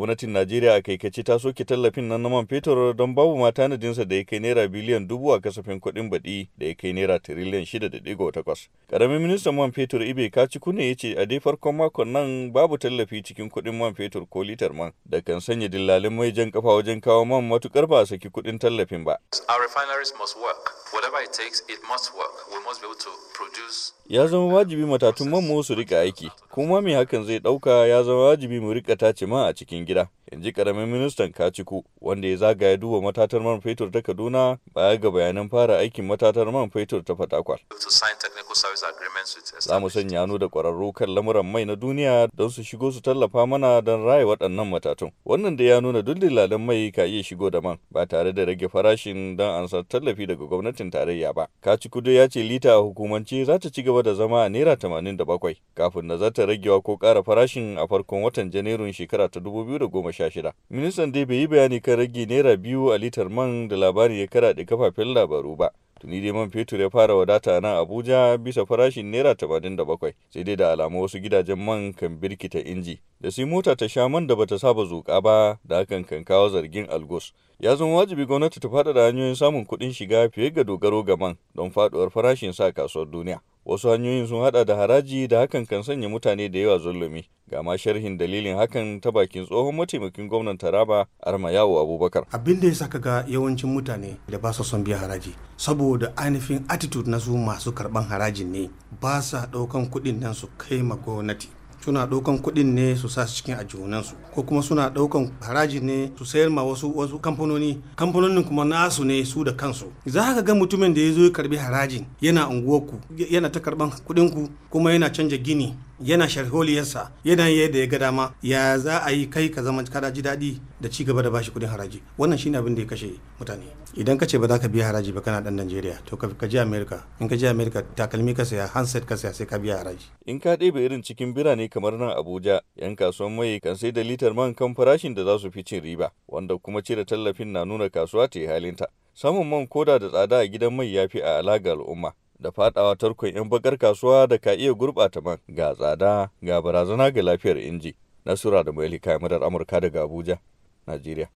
gwamnatin najeriya a kaikace ta soke tallafin nan na man fetur don babu ma tanadinsa da ya kai naira biliyan dubu a kasafin kuɗin baɗi da ya kai naira tiriliyan shida da ɗigo takwas ƙaramin ministan man fetur ibe kaciku ne ya ce a dai farkon makon nan babu tallafi cikin kuɗin man fetur ko litar man da kan sanya dillalin mai jan kafa wajen kawo man matukar ba a saki kuɗin tallafin ba. Ya zama wajibi matatun man mu su rika aiki, kuma mai hakan zai ɗauka ya zama wajibi mu rika tace man a cikin gidä. in ji karamin ministan kaciku wanda ya zagaya duba matatar man fetur ta kaduna baya ga bayanan fara aikin matatar man fetur ta fatakwal za mu sanya hannu da kwararru kan lamuran mai na duniya don su shigo su tallafa mana don raya waɗannan matatun wannan da ya nuna dullilalan mai ka iya shigo da man ba tare da rage farashin don ansar tallafi daga gwamnatin tarayya ba kaciku dai ya ce lita a hukumance za ta ci gaba da zama a naira tamanin da bakwai kafin na za ta ragewa ko ƙara farashin a farkon watan janairun shekara ta dubu biyu da goma 2016. Ministan dai bai yi bayani kan rage naira biyu a litar man da labari ya da kafafen labaru ba. tuni dai man fetur ya fara wadata nan abuja bisa farashin naira tamanin da bakwai sai dai da alamu wasu gidajen man kan birkita inji da sai mota ta sha man da bata saba zuƙa ba da hakan kan kawo zargin algos ya zama wajibi gwamnati ta faɗaɗa hanyoyin samun kuɗin shiga fiye ga dogaro ga man don faɗuwar farashin sa kasuwar duniya Wasu hanyoyin sun hada da haraji da hakan kan sanya mutane da yawa zulumi. Ga ma sharhin dalilin hakan ta bakin tsohon mataimakin gwamnan Taraba Arma Yawo Abubakar. Abin da ya saka ga yawancin mutane da ba su son biya haraji saboda ainihin attitude na su masu karɓan harajin ne ba sa ɗaukan kuɗin nan su kai ma gwamnati. suna ɗaukan kuɗin ne su sa cikin ajihunansu ko kuma suna ɗaukan haraji ne su sayar ma wasu wasu kamfanoni kamfanonin kuma nasu ne su da kansu za ka ga mutumin da ya zo ya karbi harajin yana unguwarku yana ta karban kuɗinku kuma yana canja gini yana sharholiyarsa yana da ya ga dama ya za a yi kai ka zama kada ji daɗi da ci gaba da bashi kudin haraji wannan shine abin da ya kashe mutane idan ka ce ba za ka biya haraji ba kana dan Najeriya to ka je America in ka je America takalmi ka saya handset ka saya sai ka biya haraji in ka ɗebe irin cikin birane kamar nan Abuja yan kasuwan mai kan sai da litar man kan farashin da za su fi cin riba wanda kuma cire tallafin na nuna kasuwa ta yi halinta samun man koda da tsada a gidan mai ya fi a alaga al'umma da fadawa tarkon 'yan bakar kasuwa da ka iya gurɓata man ga tsada ga barazana ga lafiyar inji. Nasura da Maili Kamarar Amurka daga Abuja, Najeriya.